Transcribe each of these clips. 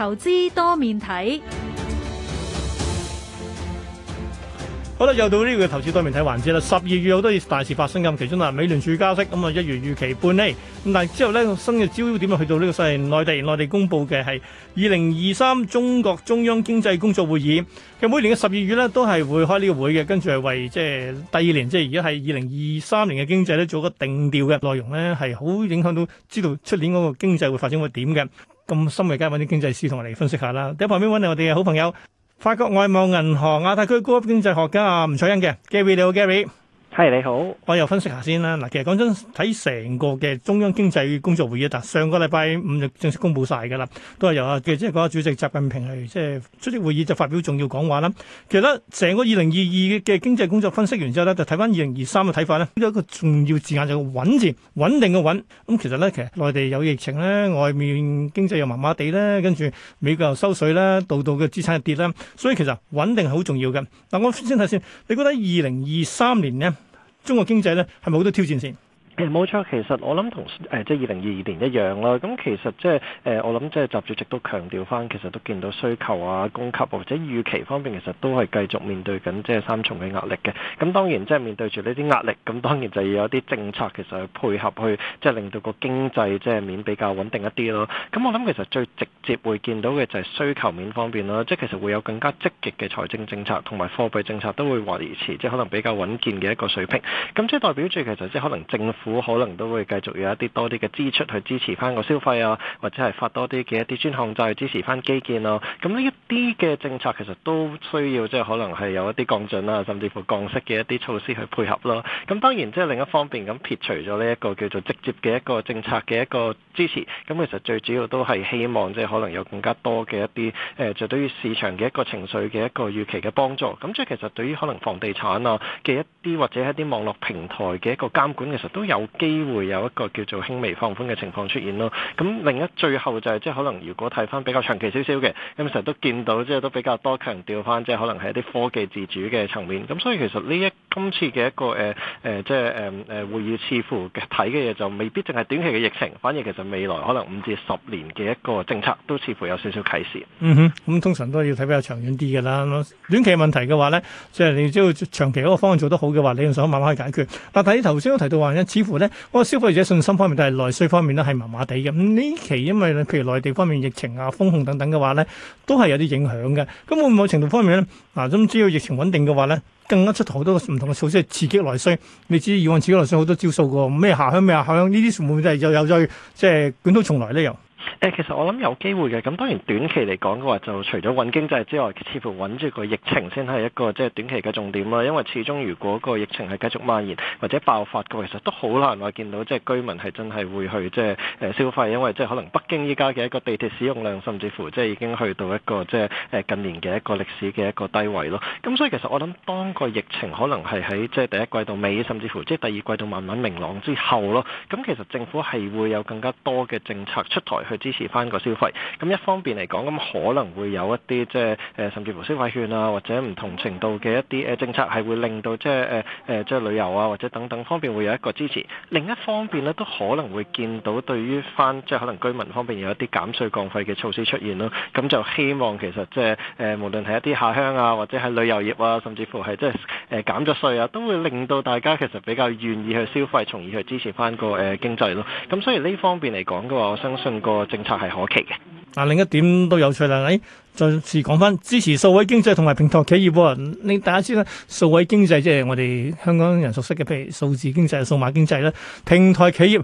投資多面睇，好啦，又到呢個投資多面睇環節啦。十二月好多大事發生，其中啊，美聯儲加息，咁、嗯、啊一月預期半厘。咁但係之後咧，新嘅焦點去到呢、這個係內地，內地公布嘅係二零二三中國中央經濟工作會議。其實每年嘅十二月呢，都係會開呢個會嘅，跟住係為即係第二年，即係而家係二零二三年嘅經濟呢做一個定調嘅內容呢，係好影響到知道出年嗰個經濟會發展會點嘅。咁深入街揾啲經濟師同我哋分析一下啦，喺旁邊揾嚟我哋嘅好朋友，法國外貿銀行亞太區高級經濟學家阿吳卓殷嘅 Gary，你好 Gary。係，你好，我又分析下先啦。嗱，其實講真，睇成個嘅中央經濟工作會議，但上個禮拜五就正式公布晒嘅啦，都係由啊，即係個主席習近平係即係出席會議就發表重要講話啦。其實咧，成個二零二二嘅經濟工作分析完之後咧，就睇翻二零二三嘅睇法咧，有一個重要字眼就穩字，穩定嘅穩。咁其實咧，其實內地有疫情咧，外面經濟又麻麻地咧，跟住美國又收水咧，度度嘅資產跌咧，所以其實穩定係好重要嘅。嗱，我先睇先，你覺得二零二三年呢？中國經濟咧係咪好多挑戰先？冇錯，其實我諗同誒即係二零二二年一樣啦。咁其實即係誒我諗即係習主席都強調翻，其實都見到需求啊、供給、啊、或者預期方面，其實都係繼續面對緊即係三重嘅壓力嘅。咁當然即係面對住呢啲壓力，咁當然就要有啲政策其實去配合去，去即係令到個經濟即係面比較穩定一啲咯。咁我諗其實最直接會見到嘅就係需求面方面啦。即係其實會有更加積極嘅財政政策同埋貨幣政策都會維持即係可能比較穩健嘅一個水平。咁即係代表住其實即係可能政府。可能都會繼續有一啲多啲嘅支出去支持翻個消費啊，或者係發多啲嘅一啲專項債支持翻基建咯、啊。咁呢一啲嘅政策其實都需要即係可能係有一啲降準啊，甚至乎降息嘅一啲措施去配合咯。咁當然即係另一方面咁撇除咗呢一個叫做直接嘅一個政策嘅一個支持，咁其實最主要都係希望即係可能有更加多嘅一啲誒、呃，就對於市場嘅一個情緒嘅一個預期嘅幫助。咁即係其實對於可能房地產啊嘅一啲或者一啲網絡平台嘅一個監管，其實都。有機會有一個叫做輕微放寬嘅情況出現咯。咁另一最後就係、是、即係可能如果睇翻比較長期少少嘅咁成日都見到即係都比較多強調翻，即係可能係一啲科技自主嘅層面。咁所以其實呢一今次嘅一個誒誒即係誒誒會議似乎嘅睇嘅嘢就未必淨係短期嘅疫情，反而其實未來可能五至十年嘅一個政策都似乎有少少啟示。嗯哼，咁、嗯、通常都要睇比較長遠啲嘅啦。短期問題嘅話咧，即、就、係、是、你只要長期嗰個方案做得好嘅話，你仲想慢慢去解決。但係你頭先都提到話因。似乎咧，我消費者信心方面都係內需方面咧係麻麻地嘅。咁呢期因為譬如內地方面疫情啊、封控等等嘅話咧，都係有啲影響嘅。咁冇某程度方面咧，嗱、啊，咁只要疫情穩定嘅話咧，更加出好多唔同嘅措施刺激內需。你知以往刺激內需好多招數嘅，咩下鄉、咩下鄉，就是、都呢啲冇冇係又有再即係捲土重來咧又？誒，其實我諗有機會嘅，咁當然短期嚟講嘅話，就除咗穩經濟之外，似乎穩住個疫情先係一個即係短期嘅重點啦。因為始終如果個疫情係繼續蔓延或者爆發嘅話，其實都好難話見到即係居民係真係會去即係誒消費，因為即係可能北京依家嘅一個地鐵使用量，甚至乎即係已經去到一個即係誒近年嘅一個歷史嘅一個低位咯。咁所以其實我諗，當個疫情可能係喺即係第一季度尾，甚至乎即係第二季度慢慢明朗之後咯，咁其實政府係會有更加多嘅政策出台。去支持翻個消費，咁一方面嚟講，咁可能會有一啲即係誒，甚至乎消費券啊，或者唔同程度嘅一啲誒政策，係會令到即係誒誒，即係、呃、旅遊啊，或者等等方面會有一個支持。另一方面咧，都可能會見到對於翻即係可能居民方面有一啲減稅降費嘅措施出現咯。咁就希望其實即係誒，無論係一啲下鄉啊，或者係旅遊業啊，甚至乎係即係誒減咗稅啊，都會令到大家其實比較願意去消費，從而去支持翻個誒經濟咯。咁所以呢方面嚟講嘅話，我相信個。個政策係可期嘅。嗱，另一點都有趣啦，係再次講翻支持數位經濟同埋平台企業。你大家知啦，數位經濟即係我哋香港人熟悉嘅，譬如數字經濟、數碼經濟啦，平台企業。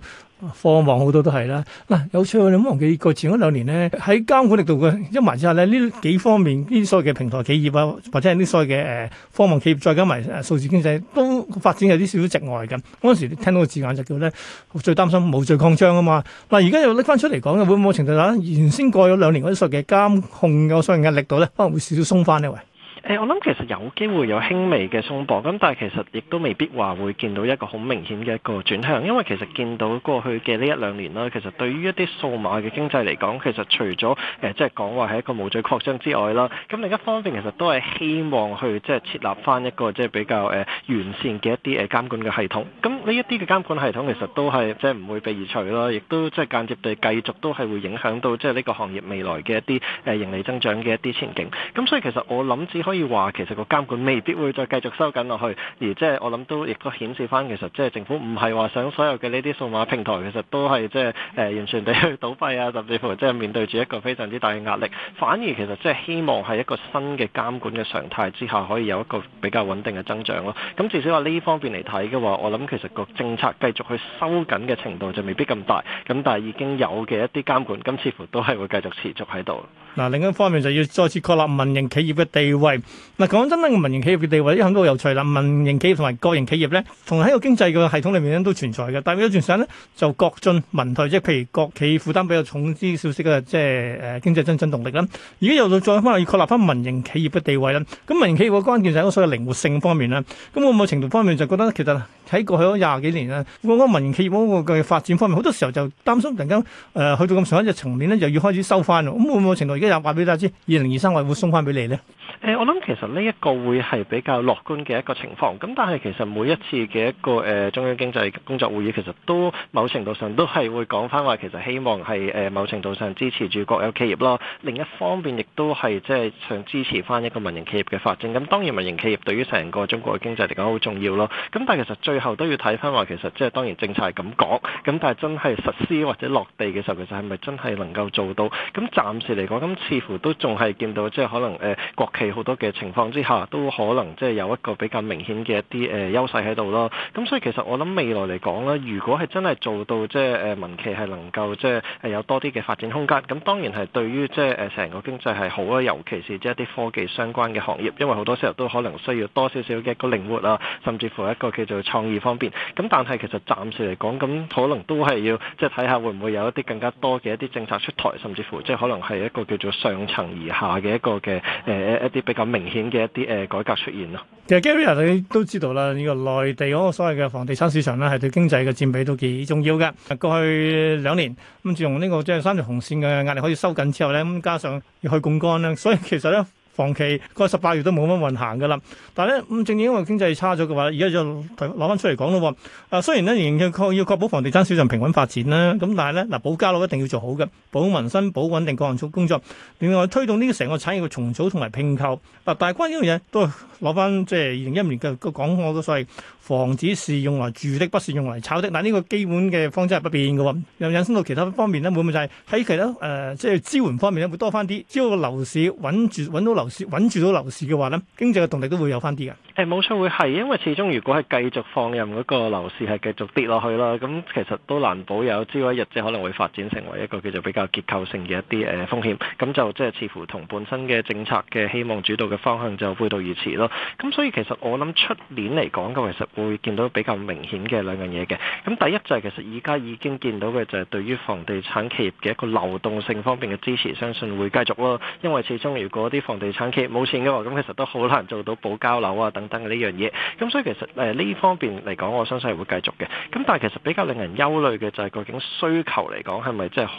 科網好多都係啦，嗱、啊，有趣我諗你唔好忘記過前嗰兩年咧，喺監管力度嘅一埋下咧，呢幾方面呢啲所謂嘅平台企業啊，或者係呢啲所謂嘅誒科網企業，再加埋數、呃、數字經濟都發展有啲少少例外嘅。嗰陣時聽到個字眼就叫咧，我最擔心冇序擴張啊嘛。嗱、啊，而家又拎翻出嚟講嘅，會唔會程度上原先過咗兩年嗰啲所謂嘅監控嘅所謂嘅力度咧，可能會少少鬆翻呢位？喂誒，我諗其實有機會有輕微嘅鬆綁，咁但係其實亦都未必話會見到一個好明顯嘅一個轉向，因為其實見到過去嘅呢一兩年啦，其實對於一啲數碼嘅經濟嚟講，其實除咗誒、呃、即係講話係一個無序擴張之外啦，咁另一方面其實都係希望去即係設立返一個即係比較誒、呃、完善嘅一啲誒監管嘅系統。咁呢一啲嘅監管系統其實都係即係唔會被移除咯，亦都即係間接地繼續都係會影響到即係呢個行業未來嘅一啲誒盈利增長嘅一啲前景。咁所以其實我諗只可以。即係話，其實個監管未必會再繼續收緊落去，而即係我諗都亦都顯示返，其實即係政府唔係話想所有嘅呢啲數碼平台，其實都係即係誒完全地去倒閉啊，甚至乎即係面對住一個非常之大嘅壓力。反而其實即係希望喺一個新嘅監管嘅常態之下，可以有一個比較穩定嘅增長咯。咁至少話呢方面嚟睇嘅話，我諗其實個政策繼續去收緊嘅程度就未必咁大。咁但係已經有嘅一啲監管，咁似乎都係會繼續持續喺度。嗱，另一方面就要再次確立民營企業嘅地位。嗱，講真呢個民營企業嘅地位一向都好有趣啦。民營企業同埋國營企業咧，同喺個經濟個系統裏面咧都存在嘅。但係有陣時咧就國進民退，即係譬如國企負擔比較重啲少少嘅，即係誒、呃、經濟增增動力啦。而家又再翻要確立翻民營企業嘅地位啦。咁民營企業個關鍵就係嗰所謂靈活性方面啦。咁會唔會程度方面就覺得其實喺過去嗰廿幾年啊，我諗民營企業嗰個嘅發展方面，好多時候就擔心突然間誒、呃、去到咁上一隻層面咧，又要開始收翻。咁會唔會程度而家又話俾大家知，二零二三我會送翻俾你咧。誒，我諗其實呢一個會係比較樂觀嘅一個情況。咁但係其實每一次嘅一個誒中央經濟工作會議，其實都某程度上都係會講返話，其實希望係誒某程度上支持住國有企業咯。另一方面亦都係即係想支持返一個民營企業嘅發展。咁當然民營企業對於成個中國嘅經濟嚟講好重要咯。咁但係其實最後都要睇返話，其實即係當然政策係咁講，咁但係真係實施或者落地嘅時候，其實係咪真係能夠做到？咁暫時嚟講，咁似乎都仲係見到即係可能誒國企。好多嘅情況之下，都可能即係有一個比較明顯嘅一啲誒優勢喺度咯。咁所以其實我諗未來嚟講咧，如果係真係做到即係誒民企係能夠即係有多啲嘅發展空間，咁當然係對於即係成個經濟係好啦。尤其是即係一啲科技相關嘅行業，因為好多時候都可能需要多少少嘅一個靈活啊，甚至乎一個叫做創意方面。咁但係其實暫時嚟講，咁可能都係要即係睇下會唔會有一啲更加多嘅一啲政策出台，甚至乎即係可能係一個叫做上層而下嘅一個嘅誒、呃啲比較明顯嘅一啲誒改革出現咯。其實 Gary 你都知道啦，呢個內地嗰個所謂嘅房地產市場咧，係對經濟嘅佔比都幾重要嘅。過去兩年咁，自從呢個即係三條紅線嘅壓力可以收緊之後咧，咁加上要去槓桿咧，所以其實咧。房企個十八月都冇乜運行嘅啦，但係咧咁，正正因為經濟差咗嘅話，而家就攞翻出嚟講咯喎。誒、啊，雖然咧仍然確要確保房地產市場平穩發展啦，咁但係咧嗱，保交樓一定要做好嘅，保民生、保穩定各項作工作。另外推動呢個成個產業嘅重組同埋併購啊，大關呢樣嘢都攞翻即係二零一五年嘅講我嘅所謂房子是用來住的，不是用來炒的。嗱，呢個基本嘅方針係不變嘅喎，又引申到其他方面咧，會唔會就係喺其他誒即係支援方面咧會多翻啲？只要個樓市穩住，揾到樓。穩住到樓市嘅話咧，經濟嘅動力都會有翻啲㗎。誒、冇錯，會係，因為始終如果係繼續放任嗰個樓市係繼續跌落去啦，咁其實都難保有朝一日即可能會發展成為一個叫做比較結構性嘅一啲誒風險，咁就即係似乎同本身嘅政策嘅希望主導嘅方向就背道而馳咯。咁所以其實我諗出年嚟講嘅，其實會見到比較明顯嘅兩樣嘢嘅。咁第一就係其實而家已經見到嘅就係對於房地產企業嘅一個流動性方面嘅支持，相信會繼續咯。因為始終如果啲房地企業冇錢嘅話，咁其實都好難做到保交樓啊等等嘅呢樣嘢。咁所以其實誒呢、呃、方面嚟講，我相信係會繼續嘅。咁但係其實比較令人憂慮嘅就係究竟需求嚟講係咪即係好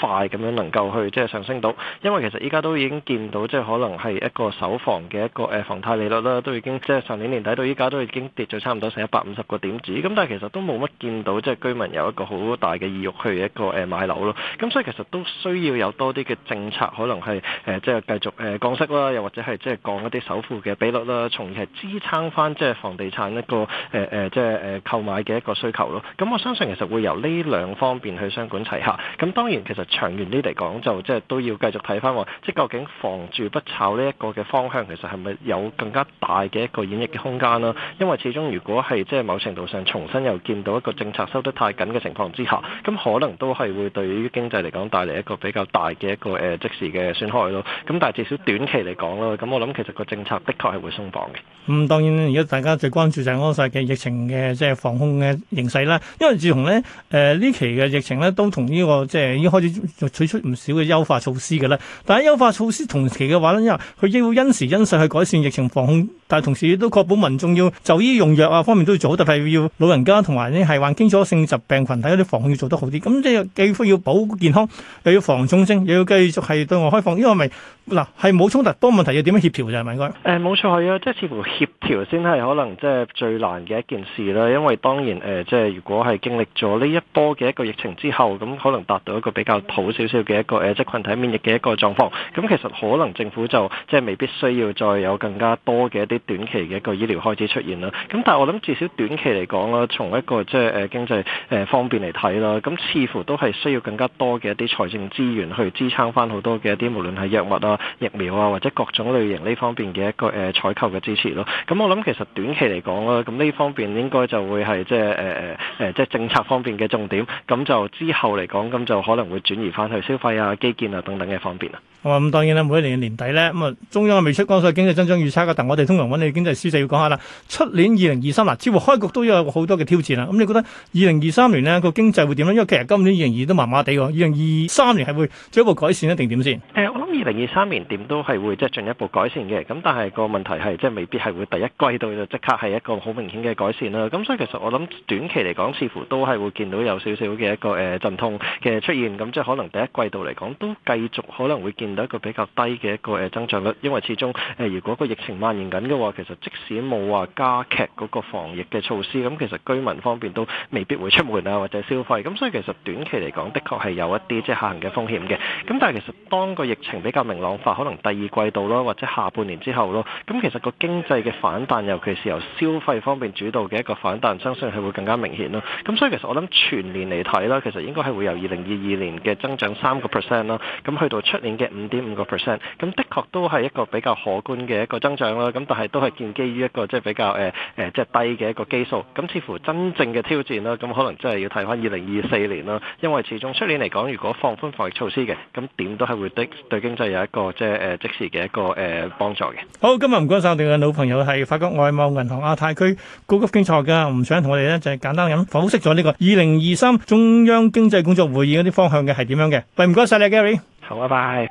快咁樣能夠去即係上升到？因為其實依家都已經見到即係可能係一個首房嘅一個誒房貸利率啦，都已經即係上年年底到依家都已經跌咗差唔多成一百五十個點子。咁但係其實都冇乜見到即係居民有一個好大嘅意欲去一個誒買樓咯。咁所以其實都需要有多啲嘅政策可能係誒、呃、即係繼續誒降息。又或者係即係降一啲首付嘅比率啦，從而係支撐翻即係房地產一個誒誒即係誒購買嘅一個需求咯。咁我相信其實會由呢兩方面去雙管齊下。咁當然其實長遠啲嚟講，就即係都要繼續睇翻，即係究竟房住不炒呢一個嘅方向，其實係咪有更加大嘅一個演繹嘅空間啦？因為始終如果係即係某程度上重新又見到一個政策收得太緊嘅情況之下，咁可能都係會對於經濟嚟講帶嚟一個比較大嘅一個誒即時嘅損害咯。咁但係至少短期嚟講咯，咁我諗其實個政策的確係會鬆綁嘅。咁當然，而家大家最關注就係安個嘅疫情嘅即係防控嘅形勢啦。因為自從咧，誒、呃、呢期嘅疫情呢，都同呢、這個即係已經開始取出唔少嘅優化措施嘅啦。但係優化措施同期嘅話呢，因為佢亦要因時因勢去改善疫情防控，但係同時亦都確保民眾要就醫用藥啊方面都要做好，特別係要老人家同埋呢係患基礎性疾病群體嗰啲防控要做得好啲。咁即係既乎要保健康，又要防重症，又要繼續係對外開放，因為咪？嗱，係冇衝突，不過問題要點樣協調就係咪應該。誒，冇錯係啊，即係似乎協調先係可能即係最難嘅一件事啦。因為當然誒，即、呃、係如果係經歷咗呢一波嘅一個疫情之後，咁可能達到一個比較好少少嘅一個誒即群體免疫嘅一個狀況。咁其實可能政府就即係未必需要再有更加多嘅一啲短期嘅一個醫療開支出現啦。咁但係我諗至少短期嚟講啦，從一個即係誒經濟誒方面嚟睇啦，咁似乎都係需要更加多嘅一啲財政資源去支撐翻好多嘅一啲無論係藥物啦。疫苗啊，或者各種類型呢方面嘅一個誒採購嘅支持咯。咁我諗其實短期嚟講啦，咁呢方面應該就會係即係誒誒誒，即係政策方面嘅重點。咁就之後嚟講，咁就可能會轉移翻去消費啊、基建啊等等嘅方面啊。咁、嗯、當然啦，每一年年底呢，咁、嗯、啊中央未出光所以經濟增長預測嘅，但我哋通常揾你經濟書就要講下23，啦。出年二零二三嗱，似乎開局都有好多嘅挑戰啦。咁、嗯、你覺得二零二三年呢個經濟會點樣？因為其實今年二零二都麻麻地喎，二零二三年係會進一步改善定點先？誒、呃，我諗二零二三年點都係會即係、就是、進一步改善嘅。咁但係個問題係即係未必係會第一季度就即刻係一個好明顯嘅改善啦。咁所以其實我諗短期嚟講，似乎都係會見到有少少嘅一個誒陣痛嘅出現。咁即係可能第一季度嚟講都繼續可能會見。到一個比較低嘅一個誒增長率，因為始終誒如果個疫情蔓延緊嘅話，其實即使冇話加劇嗰個防疫嘅措施，咁其實居民方面都未必會出門啊，或者消費，咁所以其實短期嚟講，的確係有一啲即係下行嘅風險嘅。咁但係其實當個疫情比較明朗化，可能第二季度咯，或者下半年之後咯，咁其實個經濟嘅反彈，尤其是由消費方面主導嘅一個反彈，相信係會更加明顯咯。咁所以其實我諗全年嚟睇啦，其實應該係會由二零二二年嘅增長三個 percent 啦，咁去到出年嘅，五點五個 percent，咁的確都係一個比較可觀嘅一個增長啦。咁但係都係建基於一個即係比較誒誒、呃呃、即係低嘅一個基數。咁似乎真正嘅挑戰啦，咁可能真係要睇翻二零二四年啦。因為始終出年嚟講，如果放寬防疫措施嘅，咁點都係會的對經濟有一個、就是呃、即係誒即時嘅一個誒幫助嘅。好，今日唔該晒我哋嘅老朋友係法國外貿銀行亞太區高級經濟學家，吳想同我哋咧就係、是、簡單咁剖析咗呢個二零二三中央經濟工作會議嗰啲方向嘅係點樣嘅。唔該晒你 Gary。好，拜拜。